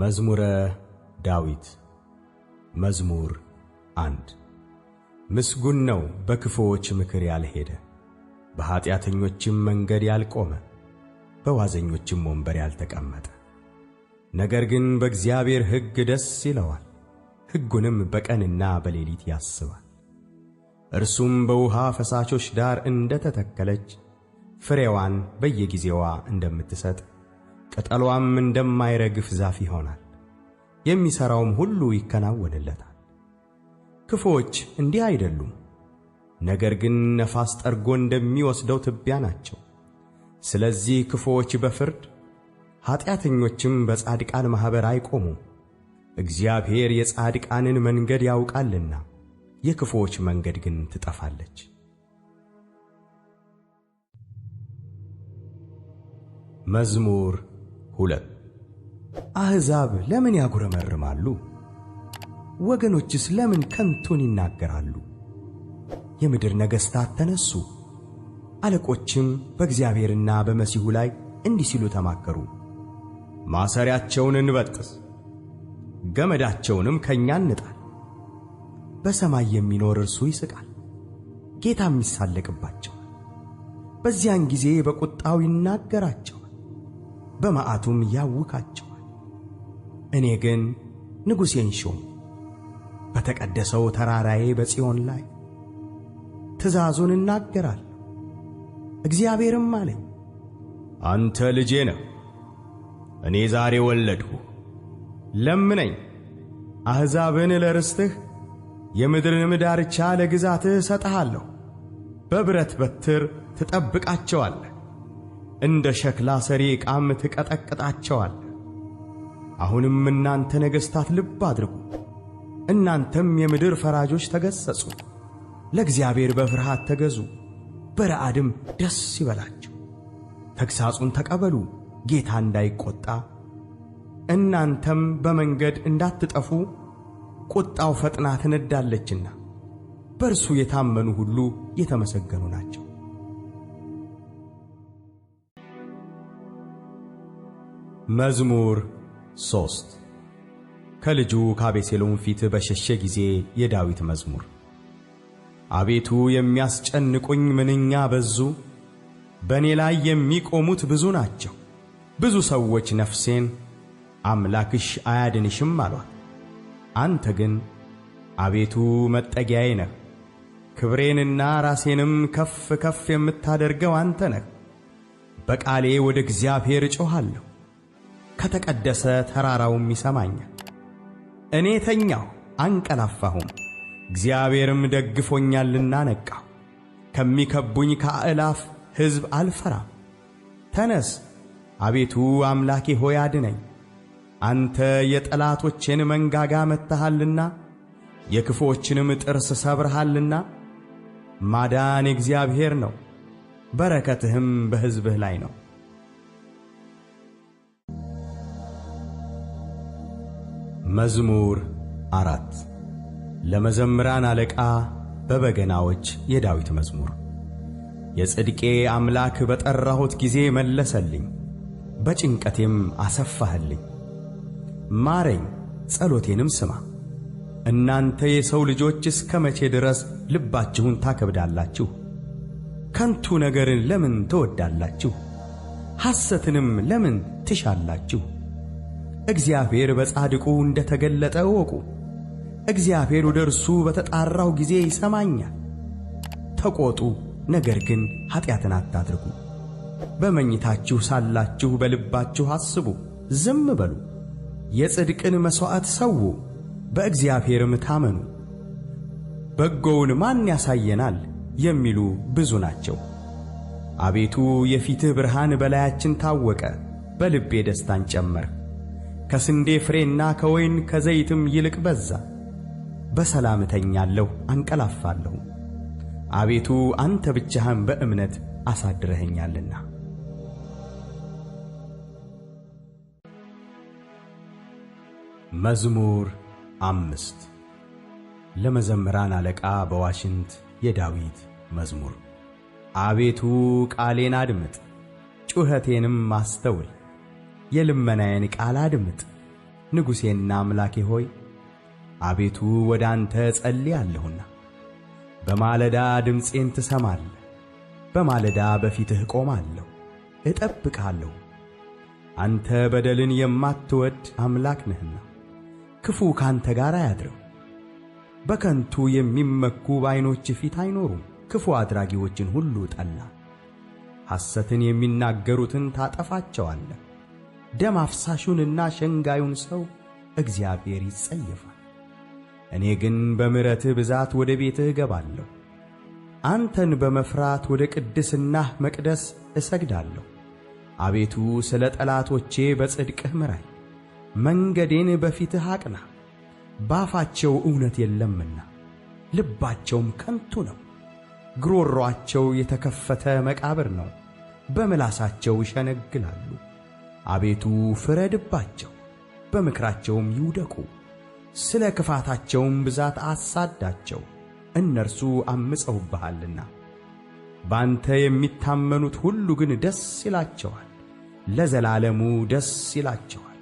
መዝሙረ ዳዊት መዝሙር አንድ ምስጉን ነው በክፉዎች ምክር ያልሄደ፣ በኀጢአተኞችም መንገድ ያልቆመ፣ በዋዘኞችም ወንበር ያልተቀመጠ። ነገር ግን በእግዚአብሔር ሕግ ደስ ይለዋል፣ ሕጉንም በቀንና በሌሊት ያስባል። እርሱም በውሃ ፈሳሾች ዳር እንደ ተተከለች ፍሬዋን በየጊዜዋ እንደምትሰጥ ቅጠሏም እንደማይረግፍ ዛፍ ይሆናል፣ የሚሠራውም ሁሉ ይከናወንለታል። ክፉዎች እንዲህ አይደሉም፣ ነገር ግን ነፋስ ጠርጎ እንደሚወስደው ትቢያ ናቸው። ስለዚህ ክፉዎች በፍርድ ኀጢአተኞችም በጻድቃን ማኅበር አይቆሙም። እግዚአብሔር የጻድቃንን መንገድ ያውቃልና የክፉዎች መንገድ ግን ትጠፋለች። መዝሙር ሁለት አሕዛብ ለምን ያጉረመርማሉ? ወገኖችስ ለምን ከንቱን ይናገራሉ? የምድር ነገሥታት ተነሱ፣ አለቆችም በእግዚአብሔርና በመሲሁ ላይ እንዲህ ሲሉ ተማከሩ። ማሰሪያቸውን እንበጥስ፣ ገመዳቸውንም ከእኛ እንጣል። በሰማይ የሚኖር እርሱ ይስቃል፣ ጌታም ይሳለቅባቸዋል። በዚያን ጊዜ በቁጣው ይናገራቸዋል። በመዓቱም ያውካቸዋል። እኔ ግን ንጉሴን ሾም በተቀደሰው ተራራዬ በጽዮን ላይ ትእዛዙን እናገራለሁ። እግዚአብሔርም አለኝ፣ አንተ ልጄ ነህ፣ እኔ ዛሬ ወለድሁ። ለምነኝ፣ አሕዛብን ለርስትህ የምድርንም ዳርቻ ለግዛትህ እሰጥሃለሁ። በብረት በትር ትጠብቃቸዋለህ። እንደ ሸክላ ሰሪ ዕቃም ትቀጠቅጣቸዋለህ። አሁንም እናንተ ነገሥታት ልብ አድርጉ፣ እናንተም የምድር ፈራጆች ተገሠጹ። ለእግዚአብሔር በፍርሃት ተገዙ፣ በረዓድም ደስ ይበላቸው። ተግሣጹን ተቀበሉ፣ ጌታ እንዳይቈጣ እናንተም በመንገድ እንዳትጠፉ ቁጣው ፈጥና ትነዳለችና። በእርሱ የታመኑ ሁሉ የተመሰገኑ ናቸው። መዝሙር ሶስት ከልጁ ከአቤሴሎም ፊት በሸሸ ጊዜ የዳዊት መዝሙር። አቤቱ የሚያስጨንቁኝ ምንኛ በዙ! በእኔ ላይ የሚቆሙት ብዙ ናቸው። ብዙ ሰዎች ነፍሴን አምላክሽ አያድንሽም አሏት። አንተ ግን አቤቱ መጠጊያዬ ነህ፣ ክብሬንና ራሴንም ከፍ ከፍ የምታደርገው አንተ ነህ። በቃሌ ወደ እግዚአብሔር እጮኻለሁ ከተቀደሰ ተራራውም ይሰማኛል። እኔ ተኛሁ አንቀላፋሁም፣ እግዚአብሔርም ደግፎኛልና ነቃሁ። ከሚከቡኝ ከአእላፍ ሕዝብ አልፈራም። ተነስ አቤቱ አምላኬ ሆይ አድነኝ። አንተ የጠላቶቼን መንጋጋ መትሃልና የክፉዎችንም ጥርስ ሰብርሃልና። ማዳን የእግዚአብሔር ነው፣ በረከትህም በሕዝብህ ላይ ነው። መዝሙር አራት ለመዘምራን አለቃ በበገናዎች የዳዊት መዝሙር። የጽድቄ አምላክ በጠራሁት ጊዜ መለሰልኝ፣ በጭንቀቴም አሰፋህልኝ። ማረኝ፣ ጸሎቴንም ስማ። እናንተ የሰው ልጆች እስከ መቼ ድረስ ልባችሁን ታከብዳላችሁ? ከንቱ ነገርን ለምን ትወዳላችሁ? ሐሰትንም ለምን ትሻላችሁ? እግዚአብሔር በጻድቁ እንደ ተገለጠ እወቁ። እግዚአብሔር ወደ እርሱ በተጣራው ጊዜ ይሰማኛል። ተቆጡ፣ ነገር ግን ኃጢአትን አታድርጉ። በመኝታችሁ ሳላችሁ በልባችሁ አስቡ፣ ዝም በሉ። የጽድቅን መሥዋዕት ሰዉ፣ በእግዚአብሔርም ታመኑ። በጎውን ማን ያሳየናል የሚሉ ብዙ ናቸው። አቤቱ የፊትህ ብርሃን በላያችን ታወቀ፣ በልቤ ደስታን ጨመርክ። ከስንዴ ፍሬና ከወይን ከዘይትም ይልቅ በዛ። በሰላም እተኛለሁ አንቀላፋለሁ፣ አቤቱ አንተ ብቻህን በእምነት አሳድረኸኛልና። መዝሙር አምስት ለመዘምራን አለቃ በዋሽንት የዳዊት መዝሙር። አቤቱ ቃሌን አድምጥ፣ ጩኸቴንም አስተውል የልመናዬን ቃል አድምጥ። ንጉሴና አምላኬ ሆይ አቤቱ ወደ አንተ ጸልያለሁና፣ በማለዳ ድምፄን ትሰማለህ። በማለዳ በፊትህ ቆማለሁ እጠብቃለሁ። አንተ በደልን የማትወድ አምላክ ነህና ክፉ ካንተ ጋር አያድርም። በከንቱ የሚመኩ በዓይኖች ፊት አይኖሩም። ክፉ አድራጊዎችን ሁሉ ጠላ፣ ሐሰትን የሚናገሩትን ታጠፋቸዋለህ። ደም አፍሳሹንና ሸንጋዩን ሰው እግዚአብሔር ይጸየፋል። እኔ ግን በምሕረትህ ብዛት ወደ ቤትህ እገባለሁ፣ አንተን በመፍራት ወደ ቅድስናህ መቅደስ እሰግዳለሁ። አቤቱ ስለ ጠላቶቼ በጽድቅህ ምራኝ፣ መንገዴን በፊትህ አቅና። ባፋቸው እውነት የለምና ልባቸውም ከንቱ ነው። ግሮሯቸው የተከፈተ መቃብር ነው፣ በምላሳቸው ይሸነግላሉ። አቤቱ ፍረድባቸው፣ በምክራቸውም ይውደቁ። ስለ ክፋታቸውም ብዛት አሳዳቸው፣ እነርሱ አምፀውብሃልና። ባንተ የሚታመኑት ሁሉ ግን ደስ ይላቸዋል፣ ለዘላለሙ ደስ ይላቸዋል።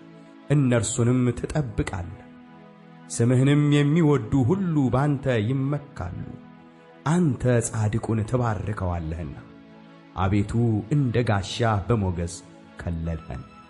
እነርሱንም ትጠብቃለህ። ስምህንም የሚወዱ ሁሉ ባንተ ይመካሉ፣ አንተ ጻድቁን ትባርከዋለህና። አቤቱ እንደ ጋሻ በሞገስ खल्लर है